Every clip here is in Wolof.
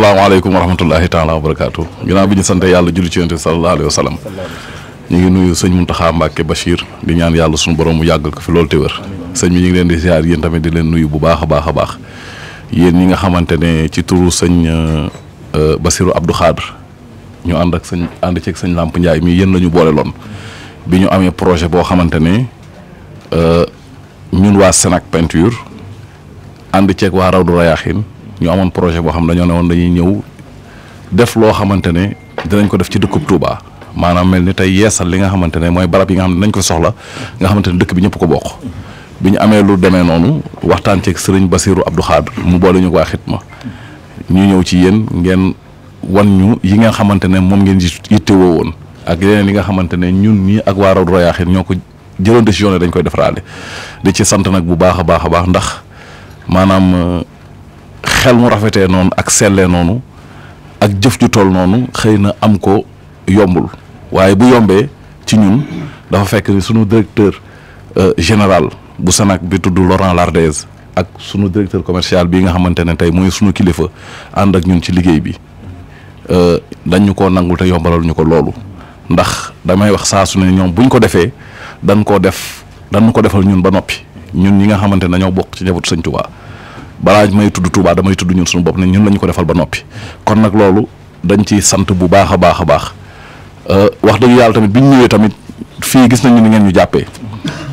asalaamaaleykum wa rahmatullahi taala wa barakaatu ginnaaw bi ñu sant yàlla julli ci yonent bi sallallahu alayhi wa ñu ngi nuyu sëñ Muntaxa Mbàkke Bachir di ñaan yàlla suñu borom mu yàggal ko fi loolu te wér sëñ bi ñu ngi leen di ziar yéen tamit di leen nuyu bu baax a baax a baax yéen ñi nga xamante ne ci turu sëñ euh, Basiru Abdou Khadr ñu ànd ak sëñ ànd ceeg sëñ làmp Ndiaye mii yéen la boole loon bi ñu amee projet boo xamante ne euh, ñun waa Sénac peinture ànd ceeg waa Rawdu ñu amoon projet boo xam dañoo ne woon dañuy ñëw def loo xamante ne dinañ ko def ci dëkkub Touba maanaam mel ni tey yeesal li nga xamante ne mooy barab yi nga xam ne nañ ko soxla nga xamante dëkk bi ñëpp ko bokk bi ñu amee lu demee noonu waxtaan ceeg sëriñ Basirou Abdou Khadr mu boole ñu waa Xitma ñu ñëw ci yéen ngeen wan ñu yi nga xamante ne moom ngeen yittewoo woon ak yeneen yi nga xamante ne ñun ñii ak waa Rawdu Rayaaxiin ñoo ko jëloon décision ne dañ koy defaraale di ci sant nag bu baax a baax a baax ndax maanaam. xel mu rafetee noonu ak sellee noonu ak jëf ju tool noonu xëy na am ko yombul waaye bu yombee ci ñun dafa fekk ni sunu directeur euh, général bu SENAC bi tudd Laurent Lardès ak suñu directeur commercial bi nga xamante ne tey mooy suñu kilifa ànd ak ñun ci liggéey bi euh, dañu ko nangul te yombalal ñu ko loolu ndax damay wax saa su ne ñoom buñ ko defee dañ koo def dañ ko defal ñun ba noppi ñun ñi nga xamante ne dañoo bokk ci njabootu Sëñ Tuubaa balaa may tudd Touba damay tudd ñun suñu bopp ne ñun la ko defal ba noppi kon nag loolu dañ ci sant bu baax a baax a baax euh, wax dëgg yàlla tamit bi ñu ñëwee tamit fii gis nañu ni ngeen ñu jàppee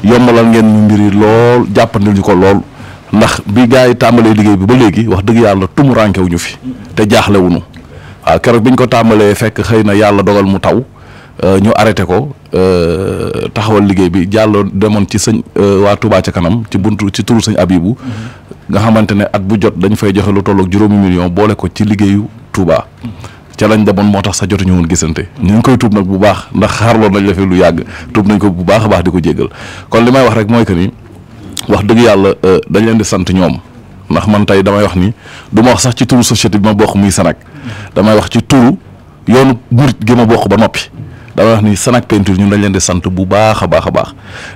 yombalal ngeen ñu mbir yi lool jàppandil ñu ko lool ndax bi gars yi tàmbalee liggéey bi ba léegi wax dëgg yàlla tumuraanke wuñu fi te jaaxle wuñu waaw keroog bi ñu ko tàmbalee fekk xëy na yàlla dogal mu taw euh, ñu arrêté ko Euh, taxawal liggéey bi jàlloo demoon ci sëñ euh, waa Touba ca kanam ci buntu ci turu sëñ Abibu mm-hmm. nga xamante ne at bu jot dañ fay joxe lu tollook juróomi million boole ko ci liggéeyu Touba ca lañ demoon moo tax sax jotuñu woon gisante ñu ngi koy tuub nag bu baax ndax xaarloon nañ la fi lu yàgg tuub nañ ko bu baax a baax di ko jéggal kon li may wax rek mooy que ni wax dëgg yàlla euh, dañ leen di sant ñoom ndax man tey damay wax ni du ma wax sax ci turu société bi ma bokk muy Sénégal mm-hmm. damay wax ci turu yoonu murit gi ma bokk ba noppi dama wax ni Sénac peinture ñun dañ leen di sant bu baax a baax a baax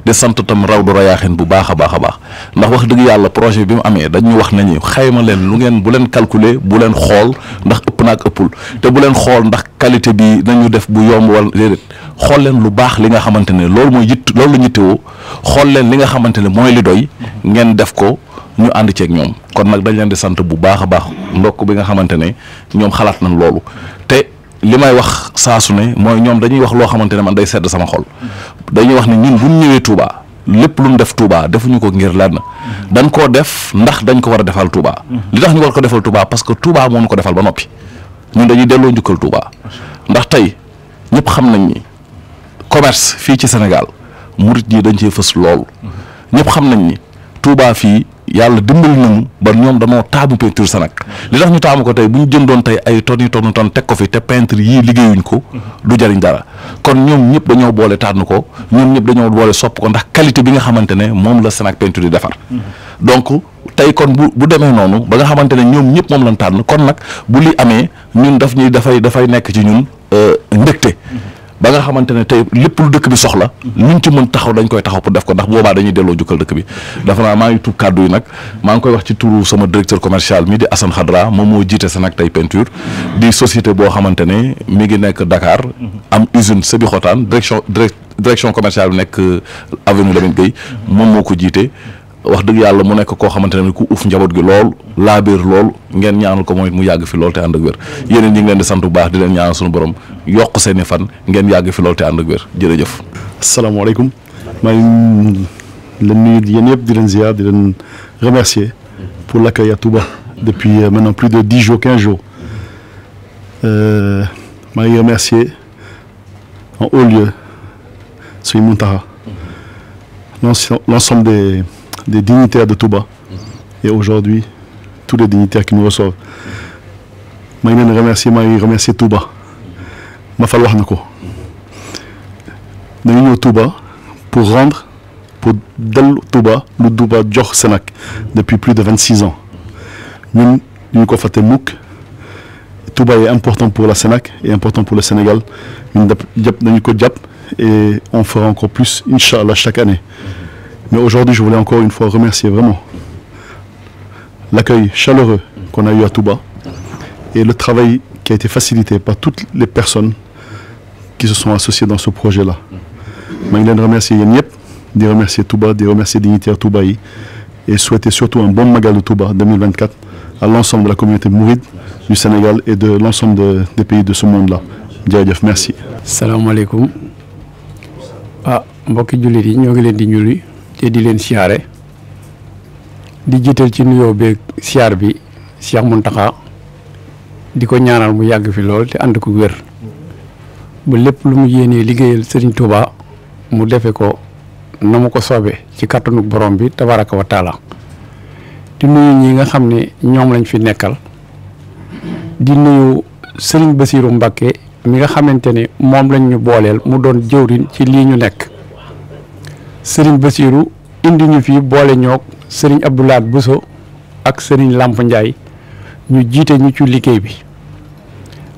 di tam raw du rayaaxin bu baax a baax a baax ndax wax dëgg yàlla projet bi mu amee dañu wax nañu xayma leen lu ngeen bu leen calculer bu leen xool ndax ëpp naag ëppul te bu leen xool ndax qualité bi nañu def bu yomb wala déedéet xool leen lu baax li nga xamante ne loolu mooy yitt loolu la ñittewoo xool leen li nga xamante ne mooy li doy ngeen def ko ñu ànd ceeg ñoom kon nag dañ leen di sant bu baax a baax ndokk bi nga xamante ne ñoom xalaat nañ loolu li may wax saasu ne mooy ñoom dañuy wax loo xamante ne man day sedd sama xol dañuy wax ne ñun bu ñëwee Touba lépp lu mu def Touba defuñu ko ngir lenn dañ koo def ndax dañ ko war a defal Touba li tax ñu war ko defal Touba parce que Touba moo ñu ko defal ba noppi ñun dañuy delloo njukkal Touba ndax tey ñëpp xam nañ ni commerce fii ci Sénégal murit yi dañ cee fës lool ñëpp xam nañ ni tuubaa fii. yàlla dimbali nañu ba ñoom danoo taamu peinture Sénac li tax ñu taamu ko tey bu ñu jëndoon tey ay tonni tonni ton teg ko fi te peintre yii liggéeyuñ ko du jariñ dara kon ñoom ñëpp dañoo boole tànn ko ñoom ñëpp dañoo boole sopp ko ndax qualité bi nga xamante ne moom la Sénac peinture di defar donc tey kon bu bu demee noonu ba nga xamante ne ñoom ñëpp moom lañ tànn kon nag bu li amee ñun daf ñuy dafay dafay nekk ci ñun ndëgte euh, ba nga xamante ne tey lépp lu dëkk bi soxla luñ ci mën taxaw dañ koy taxaw pour def ko ndax boobaa dañuy delloo jukkal dëkk bi dafa naa maa ngi tuub kàddu yi nag maa ngi koy wax ci turu sama directeur commercial mi di Assane Khadra moom moo jiite Sénac Tay Peinture di société boo xamante ne mi ngi nekk dakaar am usine Sébikotane direction direction commerciale bi nekk euh, avenue Lamine Gueye moom moo ko jiite wax dëgg yàlla mu nekk koo xamante ne ku uuf njaboot gi lool laabiir lool ngeen ñaanal ko mooy mu yàgg fi loolu te ànd ak wér yéneen ñi ngi leen di sant bu baax di leen ñaanal suñu borom yokk seen i fan ngeen yàgg fi lool te ànd ak wér jërëjëf asalaamaaleykum maa ngi leen nuyu yéen yëpp di leen ziar di leen remercier pour l'accueil à Touba depuis euh, maintenant plus de dix jours quinze jours euh, ngi remercier en haut lieu suñu Muntaxa l'ensemble des des dignitaires de Touba et aujourd'hui tous les dignitaires qui nous reçoivent maa ngi leen remercier maa ngi remercier Touba ma fal wax na ko dañu ñëw Touba pour rendre pour dellu tuba lu Touba jox Sénac depuis plus de vingt six ans ñun ñu ko fàtte mukk Touba est important pour la Sénac et important pour le Sénégal ñun dañu ko jàpp et on fera encore plus incha allah chaque année Mais aujourd'hui, je voulais encore une fois remercier vraiment l'accueil a eu à Touba et le travail qui a été facilité par toutes les personnes qui se sont associées dans ce projet-là. Je voulais remercier Yanniep, de remercier Touba, de remercier Dignitaire Touba et souhaiter surtout un bon Magal de Touba 2024 à l'ensemble de la communauté mouride du Sénégal et de l'ensemble de, de ce monde-là. Diadjef, merci. Salam alaikum. Ah, mbokki julit yi ñoo ngi leen di ñuli te di leen siyaare di jiital ci nuyoo beeg siyaar bi Cheikh Mountakha di ko ñaanal mu yàgg fi lool te ànd ko wér ba lépp lu mu yéenee liggéeyal sëriñ Touba mu defe ko na mu ko soobee ci kàttanu borom bi tabaraka wa taala di nuyu ñi nga xam ni ñoom lañ fi nekkal di nuyu Serigne Bassirou Mbacké mi nga xamante ni moom lañ ñu booleel mu doon jëwriñ ci lii ñu nekk sëriñ Basiiru indi ñu fi boole ñoog sëriñ Abdoulaat Bousso ak sëriñ Lamp njaay ñu jiite ñu ci liggéey bi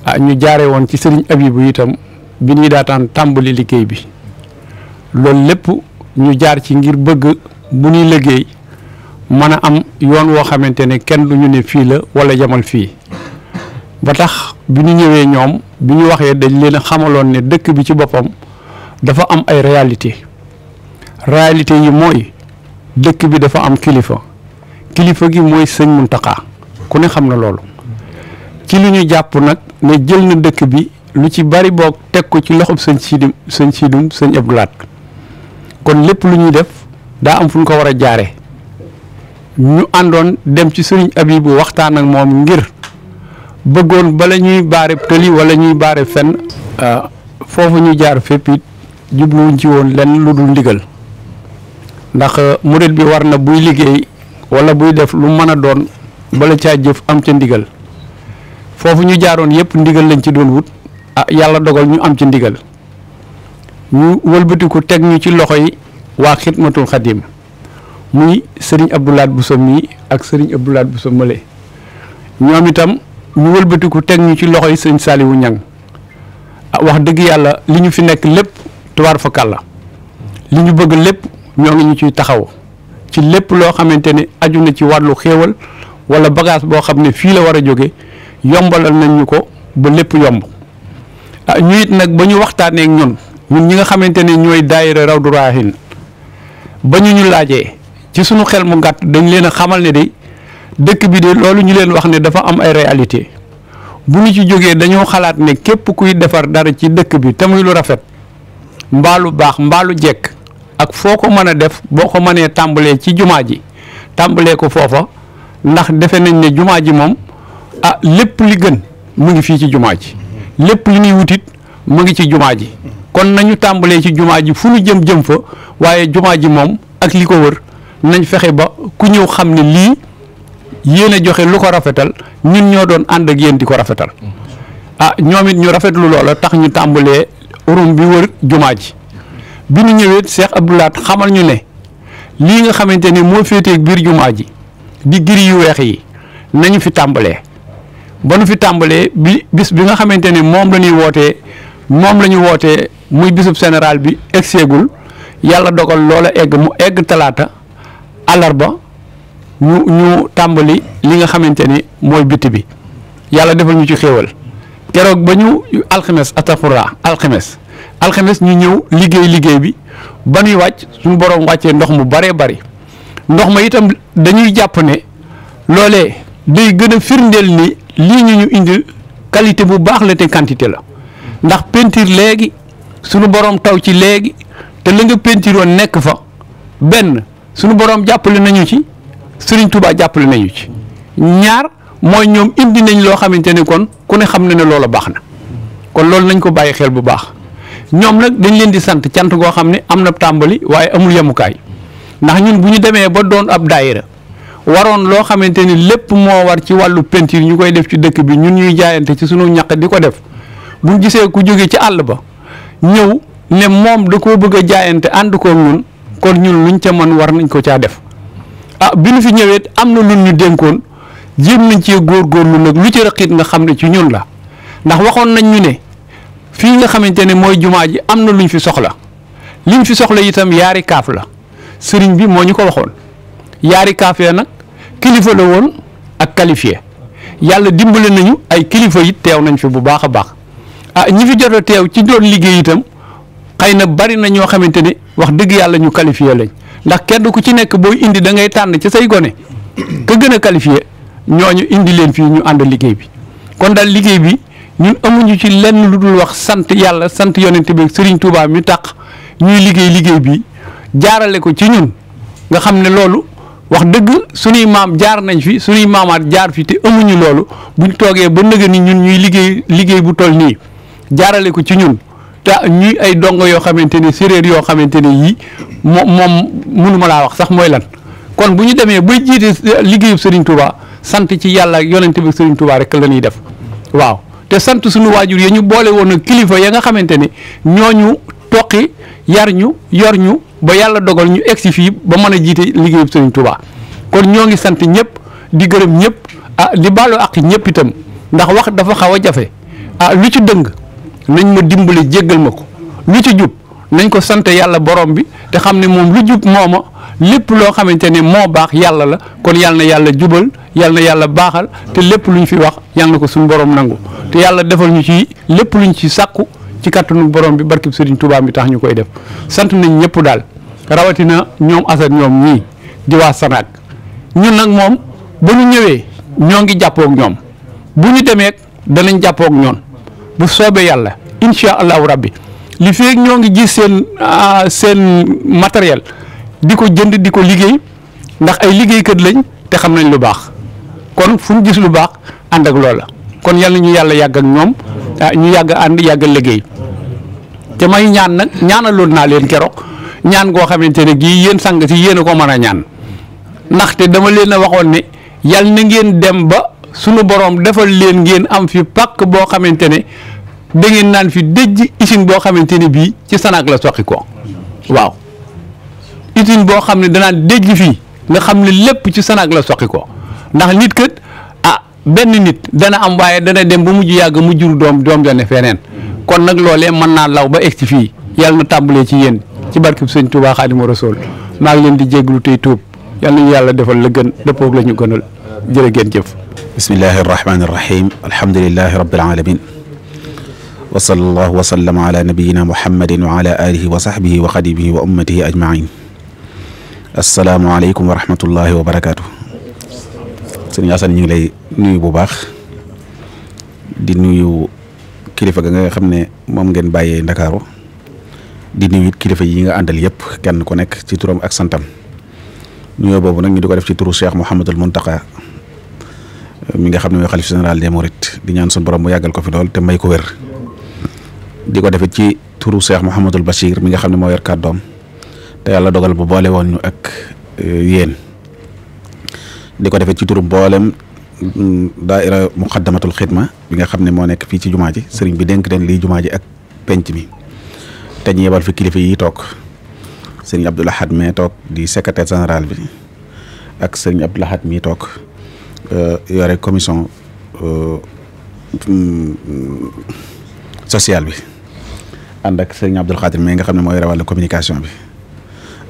ah ñu jaare woon ci sëriñ Abibu itam bi ñuy daataan tàmbali liggéey bi loolu lépp ñu jaar ci ngir bëgg bu ñuy liggéey mën a am yoon woo xamante ne kenn lu ñu ne fii la wala yamal fii ba tax bi ñu ñëwee ñoom bi ñu waxee dañ leen xamaloon ne dëkk bi ci boppam dafa am ay réalité réalité yi mooy dëkk bi dafa am kilifa kilifa gi mooy sëñ Muntaxa ku ne xam na loolu ci lu ñu jàpp nag ne jël na dëkk bi lu ci bari boog teg ko ci loxob sëñ Sidim sëñ Sidum sëñ kon lépp lu ñuy def daa am fu ñu ko war a jaare ñu àndoon dem ci sëriñ Abibu waxtaan ak moom ngir bëggoon bala ñuy baare tëli wala ñuy baare fenn ah, foofu ñu jaar fépp it jubluwuñ ci woon lenn lu dul ndigal ndax euh, murit bi war na buy liggéey wala buy def lu mën a doon bala caa jëf am ca ndigal foofu ñu jaaroon yëpp ndigal lañ ci doon wut ah yàlla dogal ñu am ci ndigal ñu wëlbatiku teg ñu ci loxo yi waa xidmatul xadim muy sëriñ bu Bousso mii ak sëriñ abdoulaat Bousso mële ñoom itam ñu wëlbatiku teg ñu ci loxo yi sëriñ saaliwu ñang ah, wax dëgg yàlla li ñu fi nekk lépp tuwaar fa kàlla li ñu bëgg lépp ñoo ngi ñu ciy taxaw ci lépp loo xamante ni aju na ci wàllu xéewal wala bagage boo xam ne fii la war a jóge yombalal nañ ñu ko ba lépp yomb ah ñu it nag ba ñu waxtaaneek ñun ñun ñi nga xamante ne ñooy daayira Rawdu Rayaahin ba ñu ñu laajee ci sunu xel mu gàtt dañ leen a xamal ne de dëkk bi de loolu ñu leen wax ne dafa am ay réalité bu ñu ci jógee dañoo xalaat ne képp kuy defar dara ci dëkk bi te muy lu rafet lu baax lu jekk ak foo ko mën def boo ko mënee tàmbalee ci jumaa ji tàmbalee ko foofa ndax defe nañ ne jumaa ji moom a ah, lépp li gën mu ngi fii ci jumaa ji lépp li ñuy wutit mu ngi ci jumaa ji kon nañu tàmbalee ci jumaa ji fu ñu jëm jëm fa waaye jumaa ji moom ak li ko wër nañ fexe ba ku ñëw xam ne lii yéen a joxe lu ko rafetal ñun ñoo doon ànd ak yéen di ko rafetal a ah, ñoom it ñu rafetlu loola tax ñu tàmbalee urum bi wër jumaa ji bi ñu ñëwee Cheikh Abdoulaat xamal ñu ne lii nga xamante ni moo féetee biir jumaa ji di giri yu weex yi nañu fi tàmbalee ba nu fi tàmbalee bi bis bi nga xamante ni moom lañuy ñuy wootee moom la ñu wootee muy bisub général bi egseegul yàlla dogal loola egg mu egg talaata àllarba ñu ñu tàmbali li nga xamante ni mooy bitti bi yàlla defal ñu ci xéewal keroog ba ñu alxames astafurlah alxames alxames ñu ñëw liggéey liggéey bi ba nuy wàcc suñu borom wàccee ndox mu baree bari ndox ma itam dañuy jàpp ne loolee day gën a firndeel ni lii ñu ñu indi qualité bu baax la te quantité la ndax peinture léegi suñu borom taw ci léegi te la nga peinture woon nekk fa benn suñu borom jàppale nañu ci Sëriñ Tuubaa jàppale nañu ci ñaar mooy ñoom indi nañ loo xamante ne kon ku ne xam na ne loola baax na kon loolu nañ ko bàyyi xel bu baax. ñoom nag dañ leen di sant cant goo xam ne am na tàmbali waaye amul yemukaay ndax ñun bu ñu demee ba doon ab daayira waroon loo xamante ni lépp moo war ci wàllu peinture ñu koy def ci dëkk bi ñun ñuy jaayante ci sunu ñaq di ko def buñ gisee ku jóge ci àll ba ñëw ne moom da koo bëgg a jaayante ànd koog ñun kon ñun luñ ca mën war nañ ko caa def ah bi nu fi ñëwee am na luñ ñu dénkoon jéem nañ cee góor góor góorgóorlu nag lu ci rëqit nga xam ne ci ñun la ndax waxoon nañ ñu ne fii nga xamante ne mooy jumaa ji am na luñ fi soxla liñ fi soxla itam yaari kaaf la sëriñ bi moo ñu ko waxoon yaari kaaf ya nag kilifa la woon ak qualifié yàlla dimbale nañu ay kilifa yit teew nañ fi bu baax a baax ah ñi fi jot a teew ci doon liggéey itam xëy na bari na ñoo xamante ni wax dëgg yàlla ñu qualifié lañ ndax kenn ku ci nekk booy indi da ngay tànn ci say gone ka gën a qualifié ñooñu indi leen fii ñu ànd liggéey bi kon daal liggéey bi. ñun amuñu ci lenn lu dul wax sant yàlla sant yonent bi sëriñ Touba mi tax ñuy liggéey liggéey bi jaarale ko ci ñun nga xam ne loolu wax dëgg suñuy maam jaar nañ fi suñuy maamaat jaar fi te amuñu loolu buñ toogee ba nëgë ni ñun ñuy liggéey liggéey bu toll nii jaarale ko ci ñun te ñuy ay dongo yoo xamante ni séréer yoo xamante ne yii moom moom mënuma laa wax sax mooy lan kon bu ñu demee bay jiite liggéeyub Serigne Touba sant ci yàlla yonent bi Serigne Touba rek la ñuy def te sant suñu waajur ya ñu boole woon ak kilifa ya nga xamante ne ñoo ñu toqi yar ñu yor ñu ba yàlla dogal ñu egsi fii ba mën a jiite liggéeyub Sëriñ Tuubaa kon ñoo ngi sant ñëpp di gërëm ñëpp ah di baalu ak ñëpp itam ndax wax dafa xaw a jafe ah lu ci dëng nañ ma dimbale jéggal ma ko lu ci jub nañ ko sante yàlla borom bi te xam ne moom lu jub mooma lépp loo xamante ne moo baax yàlla la kon yàlla na yàlla jubal yàlla na yàlla baaxal te lépp lu ñu fi wax yàlla ko suñu borom nangu te yàlla defal ñu ci lépp luñ ci sàkku ci kattanu borom bi barkib Sëriñ tubaab bi tax ñu koy def sant nañ ñëpp daal rawatina ñoom asat ñoom ñii di waa Sanaag ñun nag moom ba ñu ñëwee ñoo ngi jàppook ñoom bu ñu demee danañ jàppook ñoom bu soobee yàlla incha allahu rabbi li feeg ñoo ngi gis seen ah, seen matériel di ko jënd di ko liggéey ndax ay liggéeykat lañ te xam nañ lu baax kon fu ñu gis lu baax ànd ak loola kon yàlla ñu yàlla yàgg ak ñoom ah, ñu yàgg ànd yàgg liggéey te may ñaan nag ñaanaloon naa leen keroog ñaan goo xamante ne gii yéen sang si yéen a ko mën a ñaan ndaxte dama leen a waxoon ne yal na ngeen dem ba sunu borom defal leen ngeen am fi pàkk boo xamante ne. dangeen ngeen naan fi dëjj usine boo xamante ne bii ci Sonac la soqi ko waaw usine boo xam ne danaan dëjj fii nga xam ne lépp ci Sonac la soqi ko ndax nit kat ah benn nit dana am waaye dana dem ba mujj yàgg mu jur doom doom jone feneen kon nag loolee mën naa law ba egg si fii yàlla na tàmbalee ci yéen ci barkib sëñ Touba Xaadimu Rasuul maa ngi leen di jéglu tey tuub yàlla nañu yàlla defal la gën dëppoog la ñu gënal jërë ngeen jëf bismillahi arrahmani arrahim alhamdulilahi rabbil alamin wa sallallahu wa sallam ala nabiyina muhammadin wa ala alihi wa sahbihi wa xadimihi wa ummatihi ajmain asalaamualeykum wa rahmatullahi wa barakaatu sëñ Asan ñu ngi lay nuyu bu baax di nuyu kilifa ga nga xam ne moom ngeen bàyyee ndakaaru di nuyu kilifa yi nga àndal yëpp kenn ku nekk ci turam ak santam nuyoo boobu nag ñu di ko def ci turu Cheikh Mouhamadul Mountakha mi nga xam ne mooy xalif général des Mourides di ñaan sun borom mu yàggal ko fi lool te may ko wér. di ko defee ci turu Cheikh Mouhamadul Bachir mi nga xam ne moo yor kàddoom te yàlla dogal bu boole woon ñu ak euh, yéen di ko defee ci turu mboolem mm, daaira muqaddamatul xidma bi nga xam ne moo nekk fii ci jumaa ji sëriñ bi dénk leen lii jumaa ji ak penc mi te ñu yebal fi kilifa yi toog sëriñ Abdoul Ahad mee toog di secretaire général bi ak sëriñ Abdoul Ahad mii toog euh, yore commission euh, mm, mm, sociale bi ànd ak sëriñ Abdul Xaadir mi nga xam ne mooy wàllu communication bi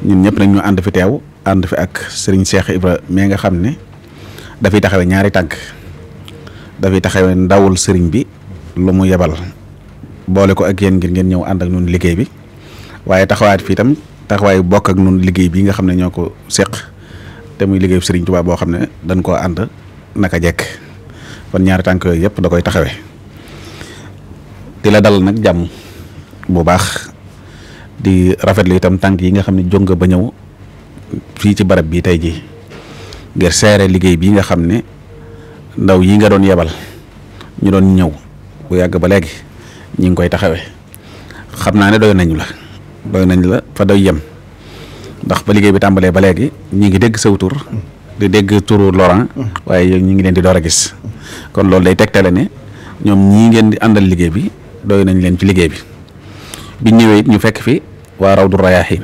ñu ñëpp nag ñu ànd fi teew ànd fi ak sëriñ Cheikh Ibra mi nga xam ne dafay taxawee ñaari tànk dafay taxawee ndawul sëriñ bi lu mu yebal boole ko ak yéen ngir ngeen ñëw ànd ak ñun liggéey bi waaye taxawaat fii tam taxawaay bokk ak ñun liggéey bi nga xam ne ñoo ko seq te muy liggéeyu sëriñ Tuubaa boo xam ne dañ koo ànd naka jekk kon ñaari tànk yooyu yëpp da koy taxawee di la dal nag jàmm. bu baax di rafetlu itam tànk yi nga xam ne jóg ba ñëw fii ci barab bi tey ji ngir seere liggéey bii nga xam ne ndaw yi nga doon yebal ñu doon ñëw bu yàgg ba léegi ñi ngi koy taxawee xam naa ne doy nañu la doy nañ la fa doy yem ndax ba liggéey bi tàmbalee ba léegi ñi ngi dégg saw tur di dégg turu Laurent waaye ñi ngi leen di door a gis kon loolu day tegtale ne ñoom ñii ngeen di àndal liggéey bi doy nañ leen ci liggéey bi biñ ñëwee ñu fekk fi waa Rawdu Rayaahin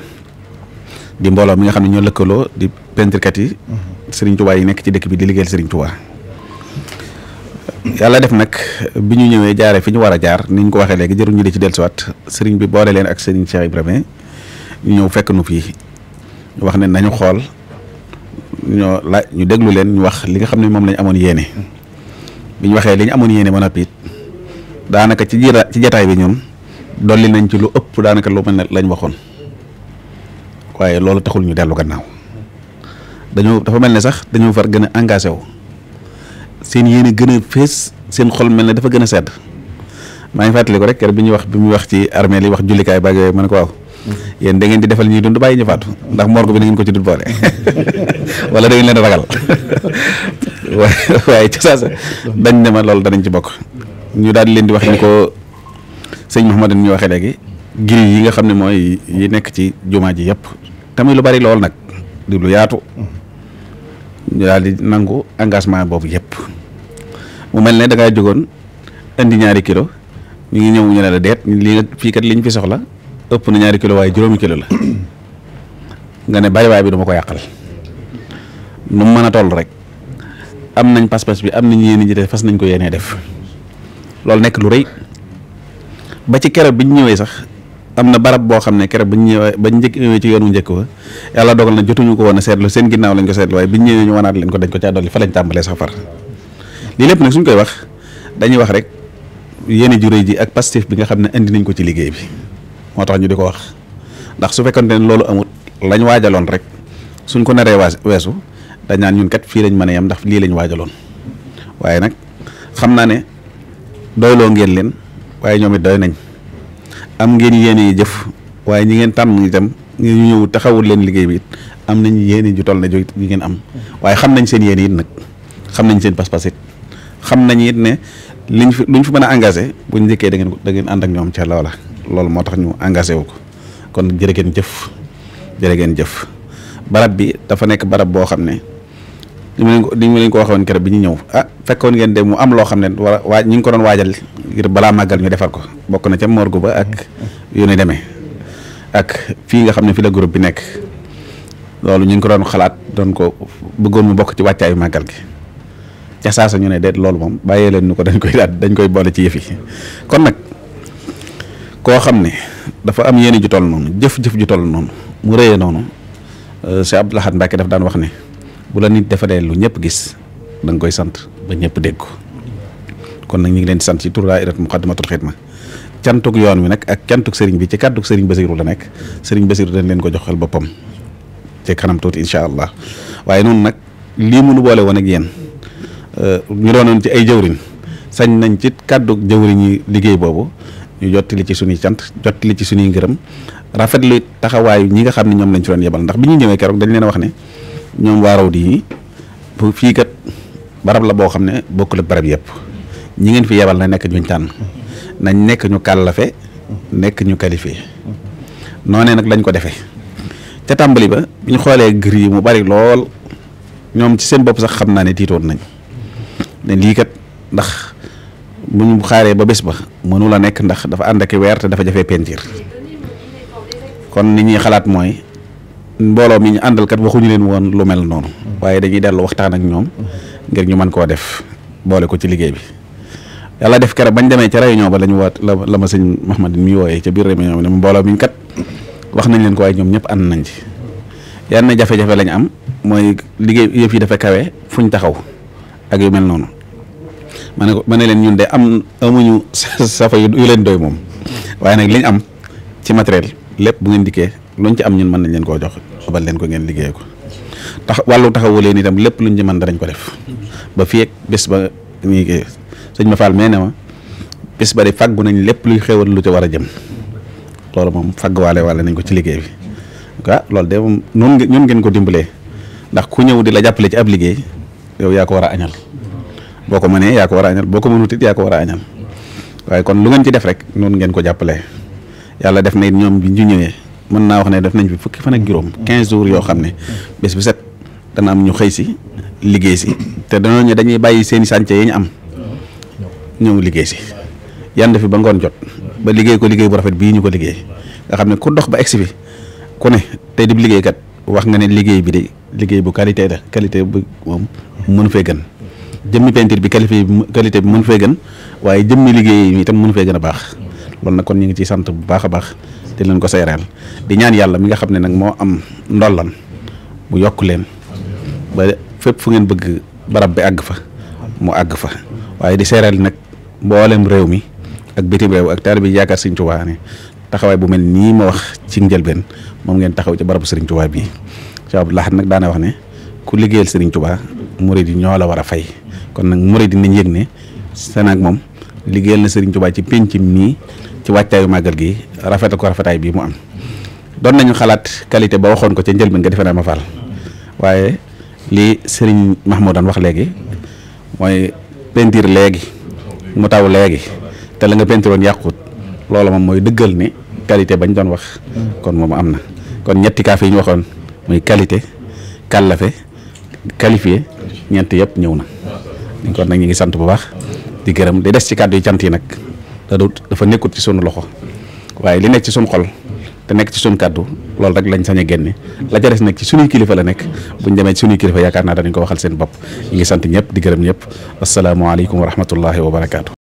di mbooloo mi nga xam ne ñoo lëkkaloo di pentirkat yi mhm. Serigne Touba yi nekk ci dëkk bi di liggéeyal Serigne Touba yàlla def nag bi ñu ñëwee jaaree fi ñu war a jaar ni ñu ko waxee léegi jëruñu di ci dellusiwaat Serigne bi boole leen ak Serigne Cheikh Ibrahima ñu ñëw fekk nu fii wax ne nañu xool ñoo laaj ñu déglu leen ñu wax li nga xam ne moom lañ amoon yéene mhm. bi waxee liñu amoon yéene mën a it daanaka ci jira ci jataay bi ñoom. dolli nañ ci lu ëpp daanaka lu mel ne lañ waxoon waaye loolu taxul ñu dellu gannaaw dañoo dafa mel ne sax dañoo far gën a engagé wu seen yéene gën a fees seen xol mel ne dafa gën a sedd maa ngi fàttali ko rek keroog bi ñuy wax bi muy ci armée li wax jullikaay baag yooyu ma ne ko waaw. yéen da ngeen di defal ñuy dund bàyyi ñu faatu ndax morgue bi da ngeen ko ci dund boole wala da ngeen leen ragal waaye ca saasa dañ ne ma loolu danañ ci bokk ñu daal di leen di wax ñu ko. sëñ Mouhamadou ñu waxee léegi giri yi nga xam ne mooy yi nekk ci jumaa ji yëpp tamit lu bari lool nag di lu yaatu ñu daal di nangu engagement boobu yëpp mu mel ne da ngaa jógoon indi ñaari kilo ñu ngi ñëw ñu ne la deet lii nag fii kat liñ fi soxla ëpp na ñaari kilo waaye juróomi kilo la nga ne bari waay bi dama ko yàqal nu mu mën a toll rek am nañ pas-pas bi am nañ yéen ji def fas nañ ko yéenee def loolu nekk lu rëy. ba ci keroog bi ñu ñëwee sax am na barab boo xam ne keroog bi ñu ñëwee ba njëkk ñëwee ci yoonu njëkk ba yàlla dogal na jotuñu ko woon a seetlu seen ginnaaw lañ ko seetlu waaye bi ñu ñëwee ñu wanaat leen ko dañ ko caa dolli fa lañ tàmbalee sax far lii lépp nag suñ koy wax dañuy wax rek yéene ju rëy ji ak pastif bi nga xam ne indi nañ ko ci liggéey bi moo tax ñu di ko wax ndax su fekkonte ne loolu amut lañ waajaloon rek suñ ko naree weesu dañ naan ñun kat fii lañ mën a yem ndax lii lañ waajaloon waaye nag xam naa ne doyloo ngeen leen waaye ñoom it doy nañ am ngeen yéene yi jëf waaye ñi ngeen tànn itam ñu ñëw taxawul leen liggéey bi am nañ yéene ju toll ne ñi ngeen am waaye xam nañ seen yéene it nag xam nañ seen pas-pas it xam nañ it ne liñ fi luñ fi mën a engagé ñu njëkkee da ngeen da ngeen ànd ak ñoom ca loola loolu moo tax ñu engagé wu ko kon jërë ngeen jëf jërë ngeen jëf barab bi dafa nekk barab boo xam ne li mu leen ko li ma ko waxoon keroog bi ñu ñëw a ah, fekkoon ngeen de mu am loo xam ne wala waa ñu ngi ko doon waajal ngir balaa màggal ñu defar ko bokk na ca morgue ba ak yónnee demee ak fii nga xam ne fi la groupe bi nekk loolu ñu ngi ko doon xalaat doon ko bëggoon mu bokk ci wàccaayu màggal gi ca saasa ñu ne de loolu moom bàyyee leen nu ko dañ koy daal dañ koy boole ci yëf kon nag koo xam ne dafa am yéene ju toll noonu jëf-jëf ju toll noonu mu rëyee noonu euh, Cheikh Abdoul Ahad Mbacké daf daan wax ne. bu la nit defaree lu ñëpp gis da koy sant ba ñëpp dégg ko kon nag ñu ngi leen di sant ci tur daayira Muqaddamatul Xidma cantuk yoon wi nag ak cantuk sëriñ bi ci kàdduk sëriñ Basiru la nekk sëriñ Basiru dañ leen ko joxal boppam ci kanam tuuti incha allah waaye noonu nag lii mu boole woon ak yéen ñu doonoon ci ay jëwriñ sañ nañ ci kàdduk jëwriñ yi liggéey boobu ñu jottali ci suñuy cant jottali ci suñuy ngërëm rafetlu taxawaayu ñi nga xam ne ñoom lañ ci doon yebal ndax bi ñu ñëwee keroog dañ leen wax ne. ñoom waa Rawdu yi bu fii kat barab la boo xam ne bokkul ak barab yëpp ñi ngeen fi yebal na nekk ñu tànn nañ nekk ñu kàllafe nekk ñu qualifié noonee nag lañ ko defee ca tàmbali ba ñu xoolee gris yi mu bari lool ñoom ci seen bopp sax xam naa ne tiitoon nañ ne lii kat ndax bu ñu xaaree ba bés ba mënu la nekk ndax dafa ànd ak weer te dafa jafee peinture kon ni ñuy xalaat mooy. mbooloo mi ñu àndalkat waxuñu leen woon lu mel noonu. Mm-hmm. waaye dañuy dellu waxtaan ak ñoom. Mm-hmm. ngir ñu man koo def boole ko ci liggéey bi. yàlla def keroog bañ demee ca réunion ba la ñu waat la la ma sëñ Mahmad mi wooyee ca biir réunion bi ne mbooloo mi kat wax nañ leen ko waaye ñoom ñëpp ànd nañ ci. yenn jafe lañ am mooy liggéey yëf yi kawe fuñ taxaw ak yu mel noonu. ma ne ko ne leen ñun de am amuñu safa yu leen doy moom mm-hmm. waaye nag liñ am ci matériel lépp bu ngeen dikkee. luñ ci am ñun mën nañ leen koo jox xobal leen ko ngeen liggéey ko tax wàllu taxawu leen itam lépp luñ ci mën danañ ko def ba fii ak ba nii kii ma faal mee ne ma bés ba de fàggu nañ lépp luy xéwal lu ci war a jëm loolu moom fàgguwaale wàlle nañ ko ci liggéey bi ah loolu de moom noonu ngeen ñun ngeen ko dimbalee ndax ku ñëw di la jàppale ci ab liggéey yow yaa ko war a añal boo ko mënee yaa ko war a añal boo ko mënut it yaa ko war a añal waaye kon lu ngeen ci def rek noonu ngeen ko jàppalee yàlla def na it ñoom bi ñu ñëwee. mën naa wax ne def nañ fi fukki fan ak juróom 15 jours yoo xam ne bés bu set dana am ñu xëy si liggéey si te dañoo ñe dañuy bàyyi seen i sànce yi ñu am ñëw liggéey si yand fi ba ngoon jot ba liggéey ko liggéey bu rafet bii ñu ko liggéey nga xam ne ku dox ba egsi fi ku ne tey di liggéeykat wax nga ne liggéey bi de liggéey bu qualité la qualité bi moom mënu fee gën jëmmi peinture bi qualité bi qualité bi mënu fee gën waaye jëmmi liggéey yi tam mënu fee gën a baax loolu nag kon ñu ngi ciy sant bu baax a baax di leen ko seereel di ñaan yàlla mi nga xam ne nag moo am ndollan mu yokk leen ba fépp fu ngeen bëgg barab bi àgg fa mu àgg fa waaye di seereel nag mboolem réew mi ak bitim réew ak taalibe bi yaakaar Sëriñ Tuubaa ne taxawaay bu mel nii ma wax ci njëlbeen moom ngeen taxaw ci barabu Sëriñ Tuubaa bii Cheikh Abdou nag daane wax ne ku liggéeyal Sëriñ Tuubaa murid yi ñoo la war a fay kon nag murid yi nañ yëg ne seen ak moom liggéeyal na Serigne Touba ci penc mii ci wàccaayu màggal gi rafetal ko rafetaay bii mu am doon nañu xalaat qualité ba waxoon ko ca njëlbeen nga defe naa ma faal waaye li moo doon wax léegi mooy peinture léegi mu taw léegi te la nga peinture woon yàqut loolu moom mooy dëggal ni qualité bañ doon wax kon moom am na kon ñetti kaaf yi ñu waxoon muy qualité kàllafe qualifié ñeent yëpp ñëw na kon nag ñu ngi sant bu baax di gërëm di des ci kàddu yi cant yi nag dafa nekkut ci sunu loxo waaye li nekk ci sunu xol te nekk ci sunu kàddu loolu rek lañ sañ a génne la ca des ci sunuy kilifa la nekk buñ demee ci sunuy kilifa yaakaar naa danañ ko waxal seen bopp ñu ngi sant ñëpp di gërëm ñëpp asalaamaaleykum wa rahmatullahi wa barakaatu.